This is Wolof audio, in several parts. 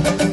thank you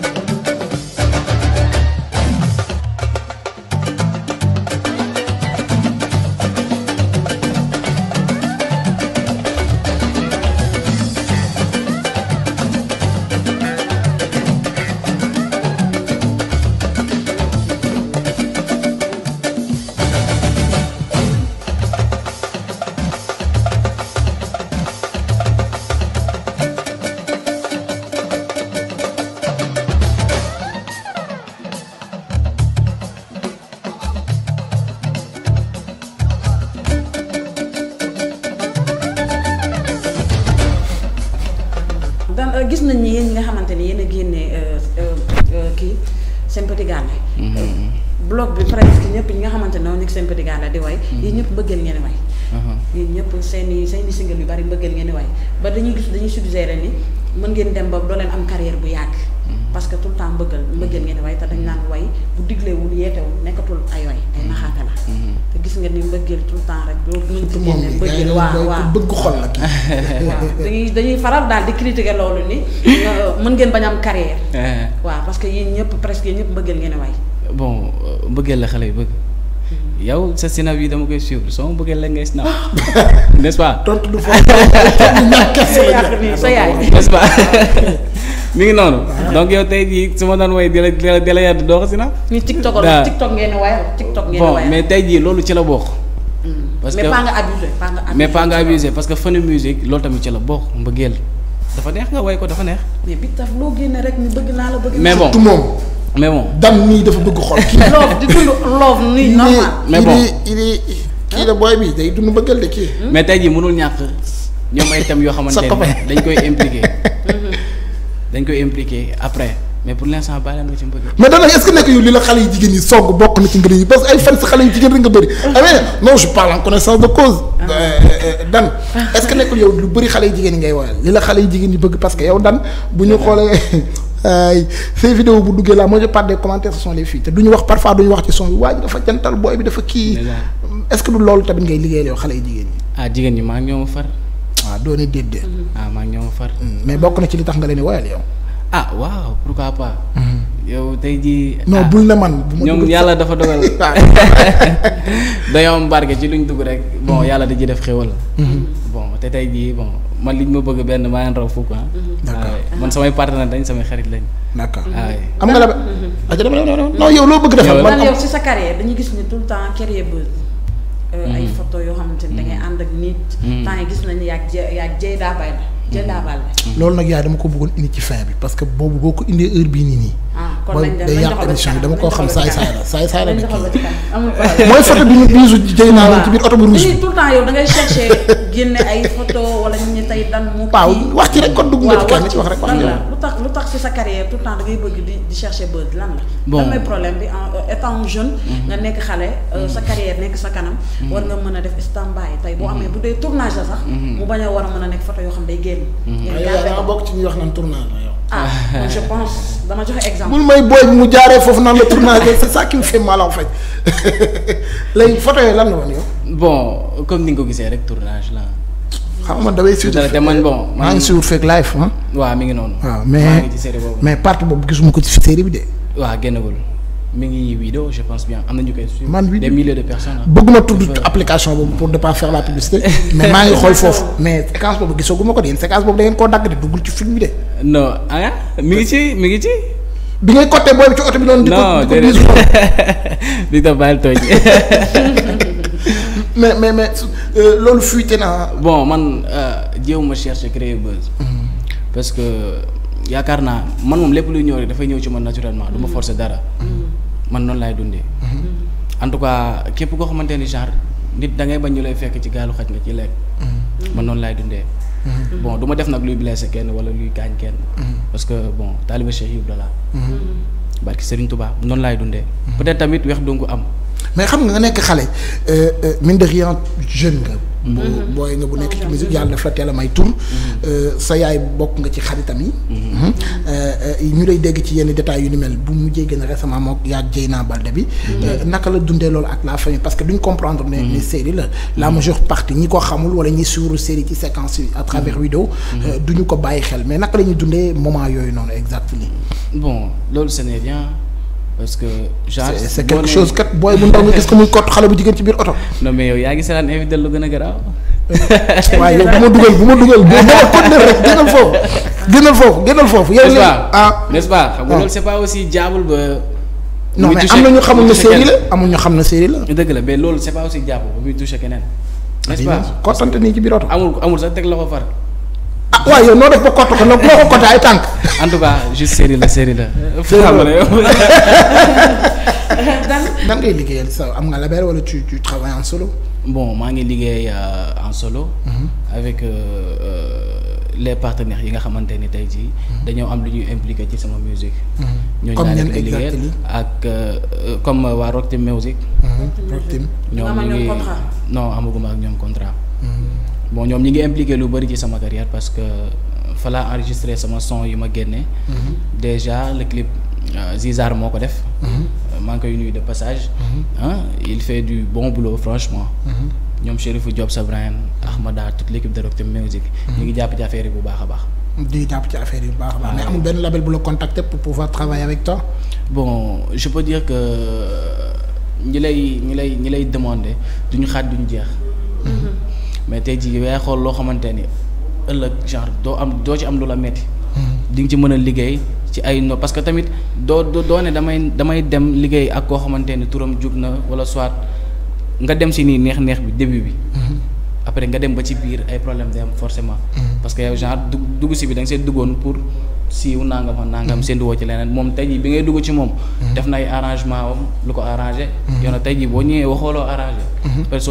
gis nañ ni yéen ñi nga xamante ni yéen a génnee euh, euh, euh, kii seen petit gàlle mm-hmm. bloc bi presque ñëpp ñi nga xamante ne ñoo seen petit gàlle di way. Mm-hmm. yi ñëpp bëggeel ngeen way yéen ñëpp seen i seen i single yu bari mbëggeel ngeen di waaye ba dañuy gis dañuy suggérer ni mën ngeen dem ba doo leen am carrière bu yàgg. Mm-hmm. parce que tout le temps mbëggal mbëggeel ngeen di waaye te dañ naan way bu digleewul nekkatul ay way ay mm-hmm. mm-hmm. gis nga ni mbëggeel tout le temps rek doo mën ci génne mbëggeel waaw waaw bëgg dañuy faral daal di critiquer loolu ni euh, mën ngeen bañ am carrière waaw parce que yéen ñëpp presque ñëpp mbëggeel ngeen di way bon mbëggeel la xale yu bëgg yow sa sinaw yi dama koy suivre soo ma bëggee la ngay sinaw n'est-ce pas. tontu ngi noonu. donc yow tey jii su ma doon woy di la di la di la yàdd doo ko sinaw. mais tey jii loolu ci la bokk. Mm. parce que mais pas nga abusé pas nga abusé parce que fanu musique loolu tamit ci la bokk mbëggeel dafa neex nga woy ko dafa neex. mais bi loo génne rek ni bëgg naa la bëgg. mais bon mais bon dam nii dafa bëgg xol. loof di dund loof nii normal. mais bon il est kii la bëggal de kii. Hmm? mais tey jii mënul ñàkk ñoom ay thèmes yoo xamante ne dañ koy impliqué. dañ koy impliqué après mais pour l' instant bàyyi la ci mbëgg. mais daanaka est ce yow li la xale yu jigéen ñi song bokk na ci ngëneel yi parce que ay fan si xale yu ah ah. euh, euh, bëri. xale yu jigéen ñi ngay waayal li la xale yu jigéen ñi bëgg parce que yow dan bu ñu ah. xoolee. ay ces vidéos bu duggee la majeure part des commentaires ce sont te du ñu wax parfois du ñu wax ci son bi waa dafa jantal booy bi dafa kii. est du loolu tamit ngay liggéeyal yow xale yi ah, jigéen ñi. maa ngi ñoom far. waaw ah, doo ne déet mm-hmm. ah, maa ngi ñoom far. Mm, mais bokk na ci li tax nga leen di woyal yow. ah waaw pourquoi pas. Mm-hmm. yow tey jii. non bul na man. bu ñoom yàlla dafa dogal dañoo am barke ci luñ dugg rek. bon mm-hmm. yàlla da ciy def xéwal. bon te tey ji bon man liñ ma bëgg benn maa ngi man samay partenaire dañ samay xarit lañ. d'accord ah, am nga la. Mhm. non yow loo bëgg defal man yow si sa carrière dañuy gis ni tout le temps carrière buzz. Euh, ay mhm. photo yoo xamante ne da ngay mhm. ànd ak nit. temps yi gis nañ yaag jé yaag jé daa bay la jé daa bay la. loolu nag yaay dama ko bëggoon indi ci fin bi parce que boobu boo ko indee heure bii nii nii. kon lañ day koo xam saay saay la saay saay la nekk bi ñu biisu mu wax ci rek kon dugg nga ci wax rek wax lu tax lu tax ci la bon mooy problème euh, jeune mhm. nga nekk xale euh, mhm. sa carrière nekk sa kanam mhm. war nga mën a def standby tey boo amee bu dee tournage la sax mu bañ war a mën a nekk photo yoo xam day génn bokk ci ñuy wax naan tournage ah donc je pense dama joxe exemple. bul may booy mu jaaree foofu naan la tournage c'est ça qui me fait mal en fait léegi yooyu lan la bon comme ni nga ko gisee rek tournage la xam ma damay suivre te man bon. maa ngi suivre fekk live ah. waaw mi ngi noonu. waaw mais mais partie boobu gisuma ko ci série bi de. waa waaw génnagul. mi ngi vidéo je pense bien am na ñu koy suivre. man des milliers de personnes bëgguma tudd application boobu pour ne pas la publicité. mais maa ngi xool foofu mais séquence boobu gisaguma ko de yéen séquence boobu da koo dagg de duggul ci film bi de. non ah mi ngi ci mi ngi ci. bi ngay côté boobu ci oto bi doon. di ko di ko bisu ko di ko baal tooñ. mais mais mais euh, loolu fuité naa. bon man euh, jéem ma cherche créer buzz. Mhm. parce que yaakaar naa man moom lépp luy ñëw rek dafay ñëw ci man naturellement du ma mhm. forcer dara. Mhm. man noonu laay dundee. Mm-hmm. en tout cas képp koo xamante ni genre nit da ngay bañ ñu lay fekk ci gaalu xaj nga ci lekk. Mm-hmm. man noonu laay dundee. Mm-hmm. bon du ma def nag luy blessé kenn wala luy gaañ kenn. parce que bon taaliba Cheikh Ibrahima. barki Serigne Touba noonu laay dundee. peut-être tamit weex dungu am. mais xam nga nga nekk xale euh, euh, mine de rien jeune nga. Mm-hmm. Mm-hmm. booy nga bu nekk ci musique yàlla daf la teel a may tur. Mm-hmm. Euh, sa yaay bu bokk nga ci xaritam yi. ñu lay dégg ci yenn détails yu ni mel bu mujjee gën a récemment moom yaa naa Baldé bi. naka la dundee loolu ak la famille parce que duñ comprendre ne ne série la la majeure partie ñi ko xamul wala ñi suuru série ci séquence yi à travers vidéo. duñu ko bàyyi xel mais naka la ñuy dundee moment yooyu noonu exactement. bon loolu ce n'est parce que genre c' est quelque chose kat booy bu ndaw nga gis ko muy kott xale bu jigéen ci biir oto. non mais yow yaa ngi seetaan invité lu gën a garaaw. waaye yow bu ma dugal bu ma dugal bu ma continuer rek génnal foofu génnal foofu génnal foofu. yow léegi ah n' est ce pas xam nga ah. loolu c' est pas aussi jaabul ba. non mais am na ñu xamul ne série la amul ñu xam ne série la. dëgg la mais loolu c' est pas aussi jaabul ba muy touché keneen. n' est ce ah, pas kottante nii ci biir oto. amul amul sax teg loxo far. ah waaw yow noo def ba kott ko nag ko kott ay tànk. en tout cas juste série la série la. dan dan ngay liggéeyal am nga label wala tu tu travailles en solo. bon maa ngi liggéey euh, en solo. Mhm. avec euh, euh, les partenaires yi nga xamante ni tey jii. Mhm. dañoo am lu ñuy impliqué ci sama musique. Mhm. ñooñu daal di koy ak ñoom contrat. bon ñoom ñi ngi impliqué lu bëri ci sama carrière parce que euh, fa laa sama son yu ma génne. Mhm. déjà le clip euh, Zizar moo ko def. Mhm. Euh, maa ngi nuyu de passage. ah il fait du bon boulot franchement. ñoom Chérifou Diop Sabrine Ahmada toute l' équipe de Rocktem Music. ñu ngi jàpp ci affaire bu baax a baax. di ci affaire yi baax a baax. mais amul benn label bu la contacter pour pouvoir travailler avec toi. bon je peux dire que ñi lay ñi lay ñi lay demander duñu xaat duñu jeex. mais tey jii yaay xool loo xamante ni ëllëg genre doo am doo ci am lu la metti mm-hmm. di nga ci mën a liggéey ci ay no parce tamit doo doo ne damay damay dem liggéey ak koo xamante ni turam jug na wala soit nga dem si nii neex-neex bi début bi. Mm-hmm. après nga dem ba ci biir ay problème day am forcément. Mm-hmm. parce que yow genre dug dugg si bi da nga see duggoon pour siiw nangam ak nangam séntu woo ci leneen moom tey jii bi ngay dugg ci moom. def na ay arrangement am lu ko arrangé. yow boo ñëwee waxooloo arrangé. parce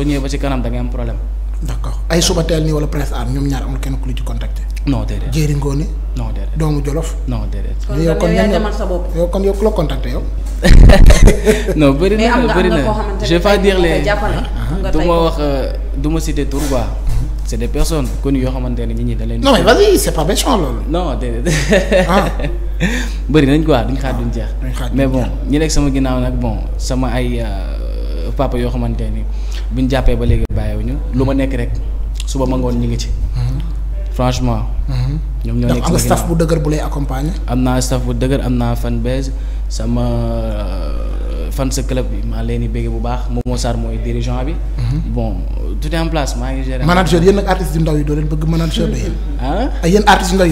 d'accord ay suba teel nii wala presse am ñoom ñaar amul kenn ku lu ci contacté. non déedéet jéeri ngoone. non déedéet non déedéet. sa bopp yow kon yow ku la contacté yow. non bëri na bëri na je vais pas dire les du ma wax euh, du ma citer tur quoi. Mhm. personnes connues yoo xamante ne nit ñi da leen. non mais vas-y c'est pas ah. bëri nañ quoi duñ xaar duñ jeex. Ah, mais bon ñi nekk sama ginnaaw nag bon sama ay euh, papa yoo xamante ni. bi jàppee ba léegi ñu lu ma nekk rek suba ma ngoon ñu ngi ci. Mhm. franchement. Mhm. ñoom ñoo nekk am nga staff bu dëgër bu lay accompagner. am naa staff bu am naa fan base sama euh, fan sa club bi maa leen di bëgg bu baax Momo Sarr mooy dirigeant bi. Mhm. maa ngi gérer. manager yéen yi doo leen bëgg manager de yéen. ah yéen artistes yu ndaw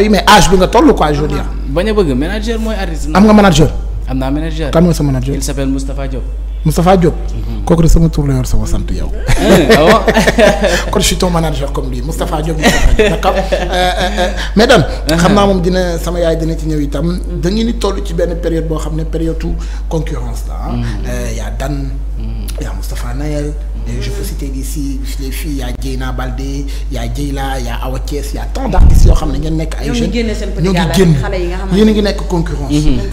yi yi mais âge bi nga toll quoi je veux dire. bañ a bëgg manager mooy am nga naa manager. kan mooy sa manager il s'appelle Moustapha Diop. Moustapha Diop. Mhm. kooku de sama tur sama sant yow. Eh, ah kon je suis ton manager comme euh, euh, euh, mais daal. Uh-huh. xam naa moom dina sama yaay dina ci ñëw itam. Mm-hmm. dañu ni toll ci benn période boo xam ne période concurrence la ah. Mm-hmm. y Dan. Mm-hmm. y a Moustapha Nayel. je peux citer d'ici les filles y a Dieyna Baldé y a Dieyla a Awa Thiès y a yoo xam ne ngeen nekk ay jeunes ñoo ngi génn yéen a ngi nekk concurrence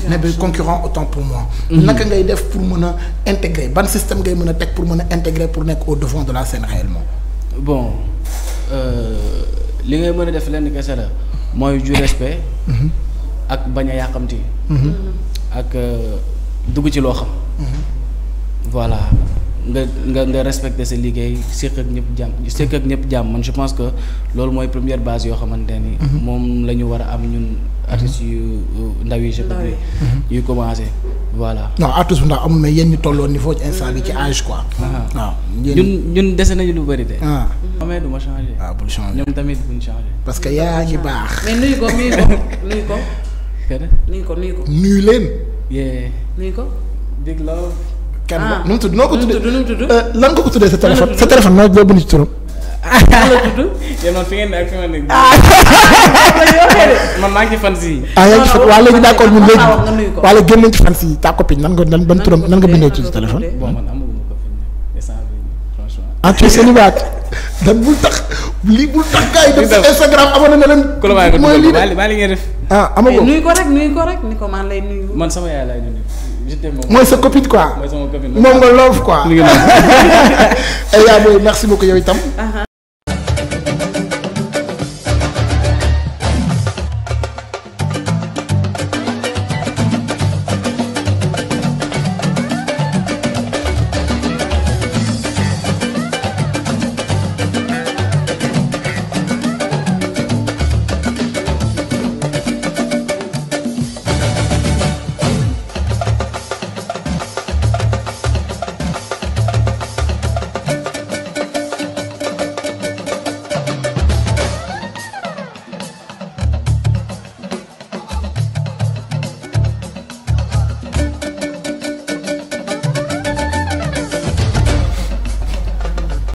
ne ba concurrent autant pour moi mhm. naka ngay def pour mën a intégrer ban système ngay mën a teg pour mën a intégrer pour nekk au devant de la scène réellement bon euh, li ngay mën a def lenn kese la mooy ju respect mhm. ak bañ a yàqamti mhm. ak euh, dugg ci loo xam voilà nga nga nga respecte sa liggéey séq ak ñëpp jàmm séq ak ñëpp jàmm man je pense que loolu mooy première base yoo xamante ni. Mhm. moom la ñu war am ñun artistes yu ndaw yi je pense mhm. yuy commencé voilà. non artiste bu ndaw amul mais yéen ñu tolloon niveau ci instant bi ci âge quoi. Ah, ah. ñun ñun dese nañu lu bëri de. ah. amee du ma changé. waaw ah, bul changé ñoom tamit buñ changé. parce que yaa ngi baax. mais nuyu ko nuyu ko nuyu ko. nuyu ko leen. nuyu ko. big love. kenn ah. nu mu tudd noo ko tuddee euh, lan nga ko tuddee sa téléphone sa téléphone noo boobu ni ci turam. lan ah. la tudd. yéen ah. man maa ngi si. ah yaa ngi ci fan waaw léegi d' accord ñun léegi waaw si ta copine nan nga nan ban turam nan nga bindoo ci sa téléphone. bon man amagu ma copine. ah tu es célibataire bul tax lii bul tax gars yi def sa Instagram amoon na leen. mooy lii de maa li ko rek nuyu ko rek ni ko man lay nuyu. man sama yaay mooy sa copine quoi. mooy sama copine moom nga loof quoi. li eh, merci beaucoup yow itam. Ah, ah.